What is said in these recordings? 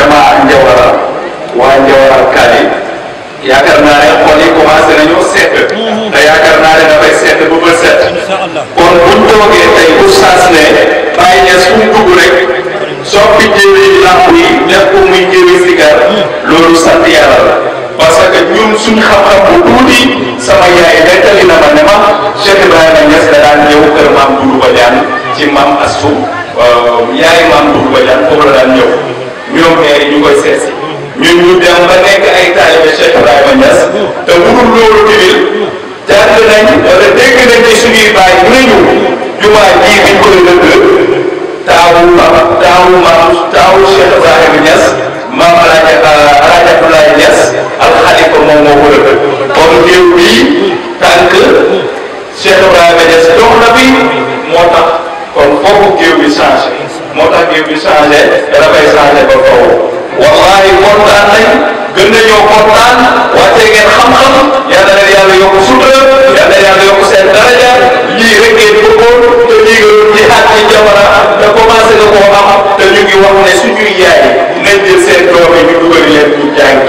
jamaa njawara waa njawara kaali ya naa ne xol yi commencé nañoo sedd ya karna naa ne dafay sedd ba ba sedd kon bu ñu toogee tey oustaz ne bàyyi ñes fu mu dugg rek soppi jëri làmp yi def ko sigar sant la parce que ñun xam-xam bu sama yaay nettali na ma ne ma Cheikh Ibrahima Niass da daan ñëw kër maam Doudou Badiane ci maam Assou yaay la ñoom ñaari ñu koy seet si ñun ñu dem ba nekk ay taalibe Cheikh Ibrahima Niass te budul loolu tamit jàng nañ wala dégg nañ ci suñuy baay bu ñu jumaa ji biñ koy dëgg taawu ma taawu maam taawu Cheikh Ibrahima Niass maam Alaaji Alaaji Abdoulaye Niass alxalifa moom moo ko dëgg kon réew bii tànk Cheikh Ibrahima Niass dox na bi moo tax kon foofu géew bi changé moo tax jiw bi changé dafay changé ba kaw wallahi kontaan nañ gën nañoo kontaan wàccee ngeen xam-xam yal na leen yàlla yokk sutura yal na yàlla yokk seen daraja lii rek ngeen bëggoon te lii nga doon jihaat ci jamono te commencé na koo am te ñu wax ne suñuy yaay nañ jël seen doom yi dugal leen ñu jàng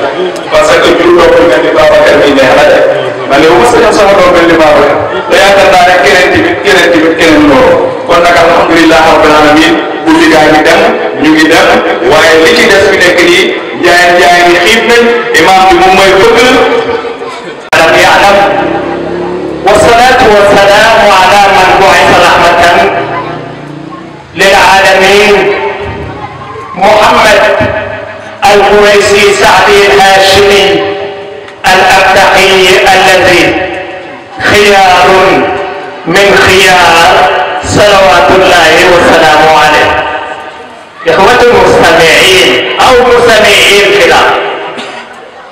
قيس سعدي الهاشمي الأبدعي الذي خيار من خيار صلوات الله وسلامه عليه إخوة المستمعين أو مستمعين كلا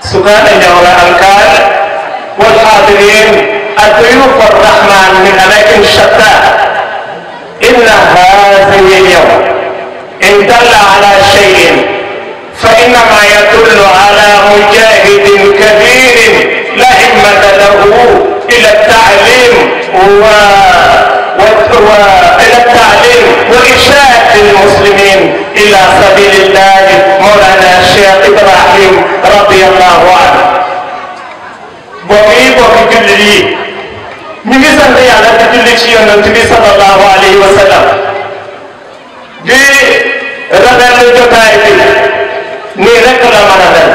سكان الجولة الكار والحاضرين الضيوف والرحمن من أماكن شتى إن هذا اليوم إن دل على شيء فإنما يدل على مجاهد كبير لا همة له إلى التعليم و... و... و... إلى التعليم وإرشاد المسلمين إلى سبيل الله مولانا الشيخ إبراهيم رضي الله عنه bokk yi bokk jullit yi ñu ngi sant yàlla di النبي صلى الله عليه وسلم بي wa sallam nii rek la mën a mel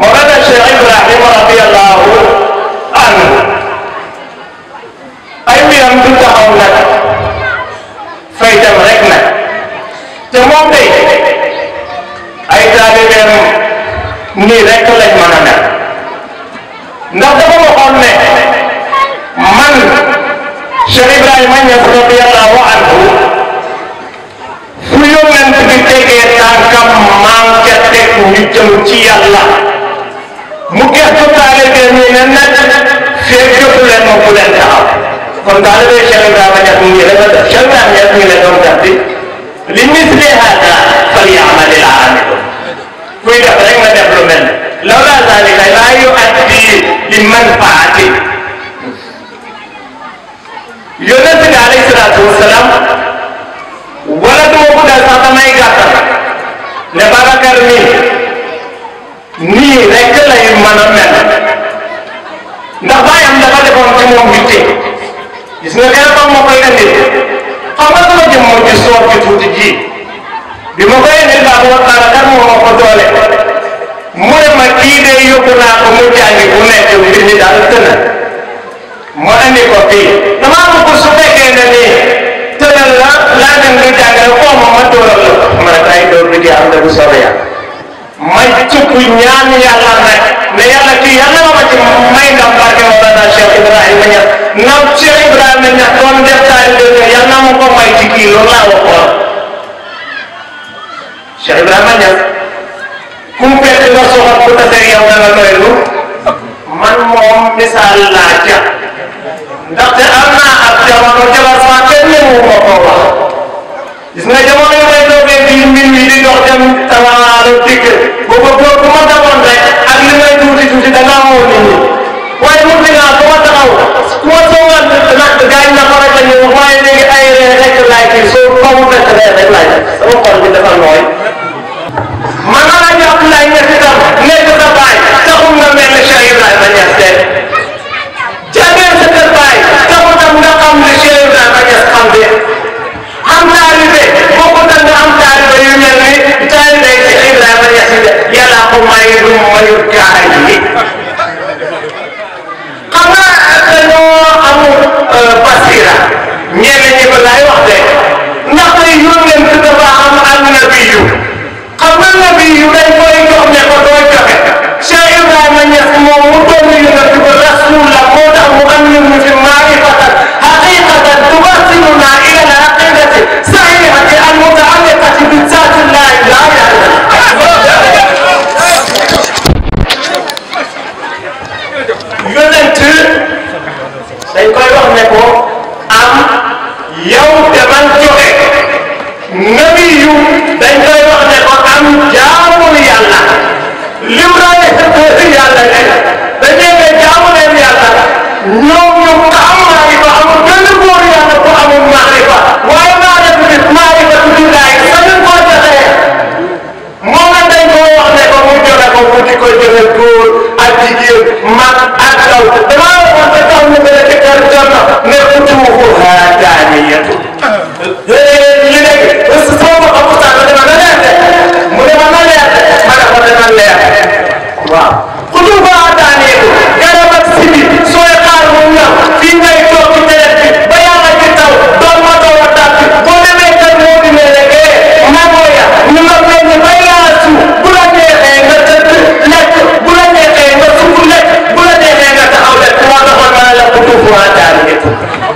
Mawlana Cheikh Ibrahima radiyallahu anhu ay mbiram du taxaw nag yàlla mu gëstu taalibe ñu ne nag feeg jotu leen moom bu leen taxaw kon taalibe Cheikh Ibrahima Niass mu ngi dafa def Cheikh Ibrahima Niass ñu ne doon def bi li misli hada falyamalil aamilun kuy def rek nga def lu mel ne lawla zalika laa yuaddi li manfaa mën a mel ndax bàyyam dafa defoon ci moom yitte gis nga élément moo koy indi xam nga sama jëm moo ci soor ci tuuti ji bi ma koy indi baax wa taala ko doole mu ne ma kii de naa ko mu jàngi bu nekk mbir mi daal tëna ma indi ko fii damaa bëgg su fekkee ne nii tënal la laa dem nga jàngale foo ma ma dóoral la ma ne ay dóor bi am da bu soobee yàlla ma tukk ñaan yàlla nag mais yàlla kii yàlla na ma ci may ndam barke Mawlana Cheikh Ibrahima Niass nam Cheikh Ibrahima Niass doon def taalibe de yàlla na ma ko may ci kii loolu laa waxoon oh, Cheikh Ibrahima Niass ku mu fekk nga soxal ku tasee yow da nga doylu man moom misaal la ได้ไม่เป็นไรเพราะว่าคนกินจะฟังน้อย dañ koy wax ne ko am yow Thank you.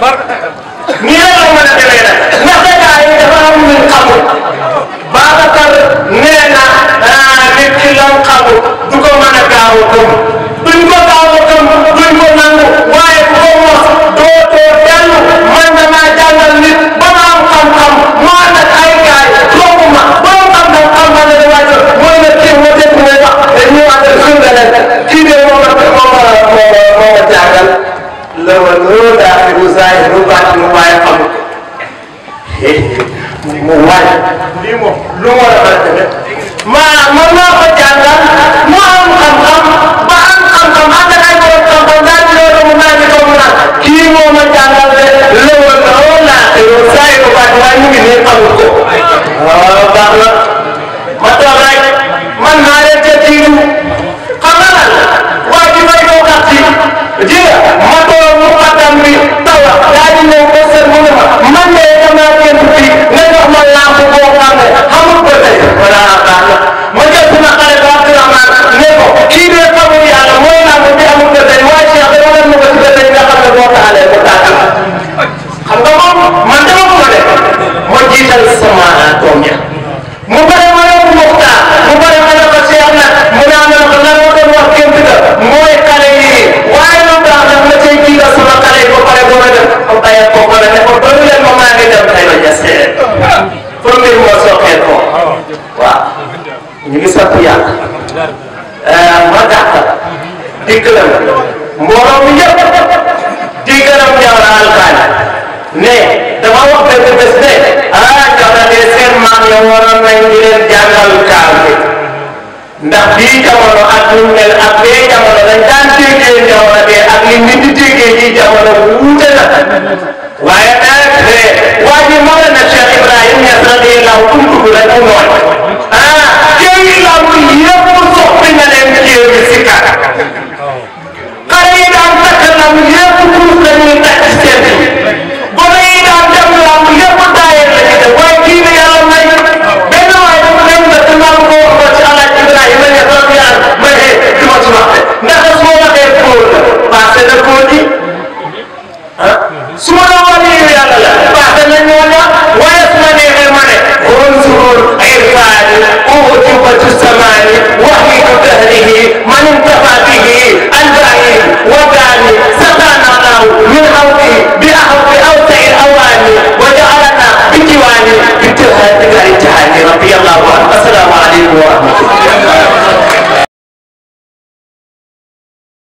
akbar la mën a demee nag ndax détails yi dafa am luñ xamul Babacar nee na ah, nit ki lan xamul du ko mën a gaaw a jiital a doom ya mu bare ma ne Muxtaar mu bare ma ne ko Cheikh nag mu naa ne ko lan ma doon wax kéem bi mooy xale yi waaye lu baax nag ma cay jiital sama xale yi ba pare ba ma dem ba bàyyi ko ba ne ko doon leen ma maa ngi dem ma ñese pour mbir moo soxee ko waaw ñu ngi sant yàlla ma gàttal મે દવાખ પ્રેતસ્ને આ કે મને શેર માની ઓર મે દિર જંગલ કાલે નખ પી જો આ તુ મે અપે જામલો ન જાંતી કે જો લા દે અલી ન દીજે કે જામલો કુ તેલા વાયને ફ્રે વા દી મોન નાચ ઇબ્રાહીમ યસરા દેલા કુ કુ રનો قبة الزمان وحيد دهره من انتفع به الباقي وقال سقانا الله من حوله بأحوض أوسع الأواني وجعلنا بجواني بجهة الجهاد رضي الله عنه السلام عليكم ورحمة الله